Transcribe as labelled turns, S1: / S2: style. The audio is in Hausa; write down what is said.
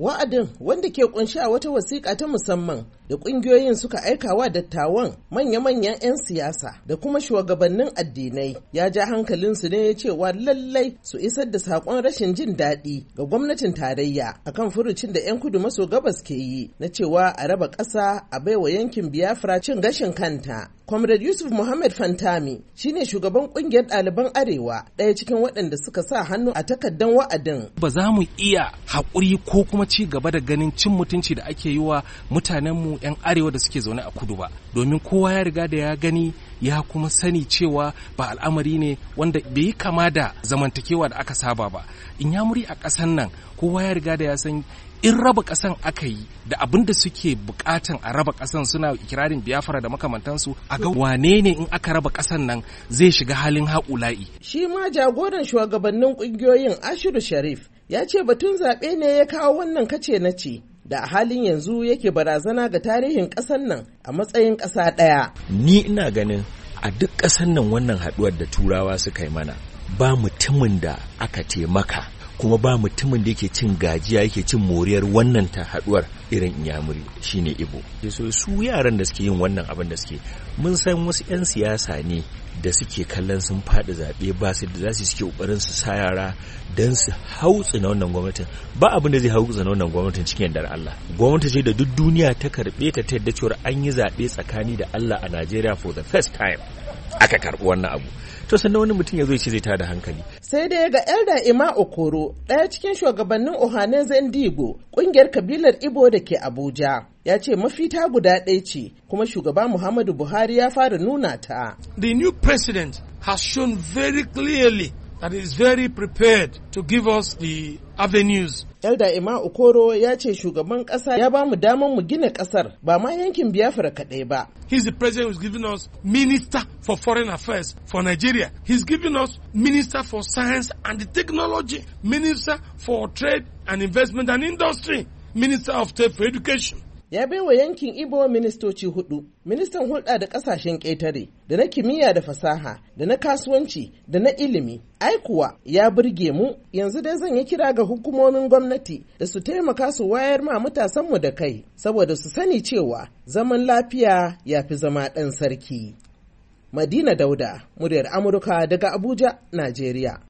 S1: Wa'adin wanda ke kunshi a wata wasiƙa ta musamman da ƙungiyoyin suka aika wa dattawan manya-manyan 'yan siyasa da kuma shugabannin addinai ya ja hankalinsu ne cewa lallai su isar da saƙon rashin jin daɗi ga gwamnatin tarayya akan furucin da 'yan kudu maso gabas ke yi na cewa a raba ƙasa a baiwa yankin Biyafra cin gashin kanta Comrade Yusuf Muhammad Fantami shine shugaban kungiyar ɗaliban Arewa ɗaya cikin waɗanda suka sa hannu a takaddan wa'adin.
S2: Ba za mu iya haƙuri ko kuma ci gaba da ganin cin mutunci da ake yi wa mutanenmu 'yan Arewa da suke zaune a kudu ba. Domin kowa ya riga da ya gani ya kuma sani cewa ba al'amari ne wanda bai yi kama da zamantakewa da aka saba ba in ya muri a ƙasan nan kowa ya riga da ya san in raba ƙasan aka yi da abin da suke bukatan a raba ƙasan suna ikirarin biyafara da makamantansu a ga wane ne in aka raba ƙasan nan zai shiga halin haƙula'i.
S1: Shi ma jagoran shugabannin ƙungiyoyin Ashiru Sharif ya ce batun zaɓe ne ya kawo wannan kace na ce. da a halin yanzu yake barazana ga tarihin ƙasar nan a matsayin ƙasa ɗaya.
S3: Ni ina ganin a duk ƙasar nan wannan haɗuwar da turawa suka yi mana ba mutumin da aka taimaka kuma ba mutumin da yake cin gajiya yake cin moriyar wannan ta haduwar irin inyamuri shine ibo so su yaran da suke yin wannan abin da suke mun san wasu 'yan siyasa ne da suke kallon sun faɗi zaɓe ba su da za su suke ƙoƙarin su sa yara don su hautsu na wannan gwamnatin ba abin da zai hau na wannan gwamnatin cikin yardar Allah gwamnati ce da duk duniya ta karɓe ta ta yadda cewar an yi zaɓe tsakani da Allah a Najeriya for the first time aka karɓi wannan abu to sannan wani mutum ya zo ce zai tada hankali.
S1: Sai dai ga Elda Ima Okoro, ɗaya cikin shugabannin Ohane zendigo ƙungiyar kabilar Ibo da ke Abuja. Ya ce mafita guda ɗaya ce, kuma shugaba Muhammadu Buhari ya fara nuna ta.
S4: The new president has shown very clearly that is very prepared to give us the
S1: avenues Elda Okoro ya ce shugaban ya ba mu damar mu gina ba ma yankin Biafra ba.
S4: He's the president who's giving us minister for foreign affairs for Nigeria. He's giving us minister for science and technology, minister for trade and investment and industry, minister of trade for education.
S1: ya baiwa yankin Ibo ministoci hudu, ministan hulɗa da ƙasashen ƙetare, da na kimiyya da fasaha, da na kasuwanci, da na ilimi. kuwa ya burge mu, yanzu dai zan yi kira ga hukumomin gwamnati da su taimaka su wayar ma matasanmu da kai, saboda su sani cewa zaman lafiya ya fi zama ɗan sarki. Madina Dauda, muryar Amurka daga Abuja, Najeriya.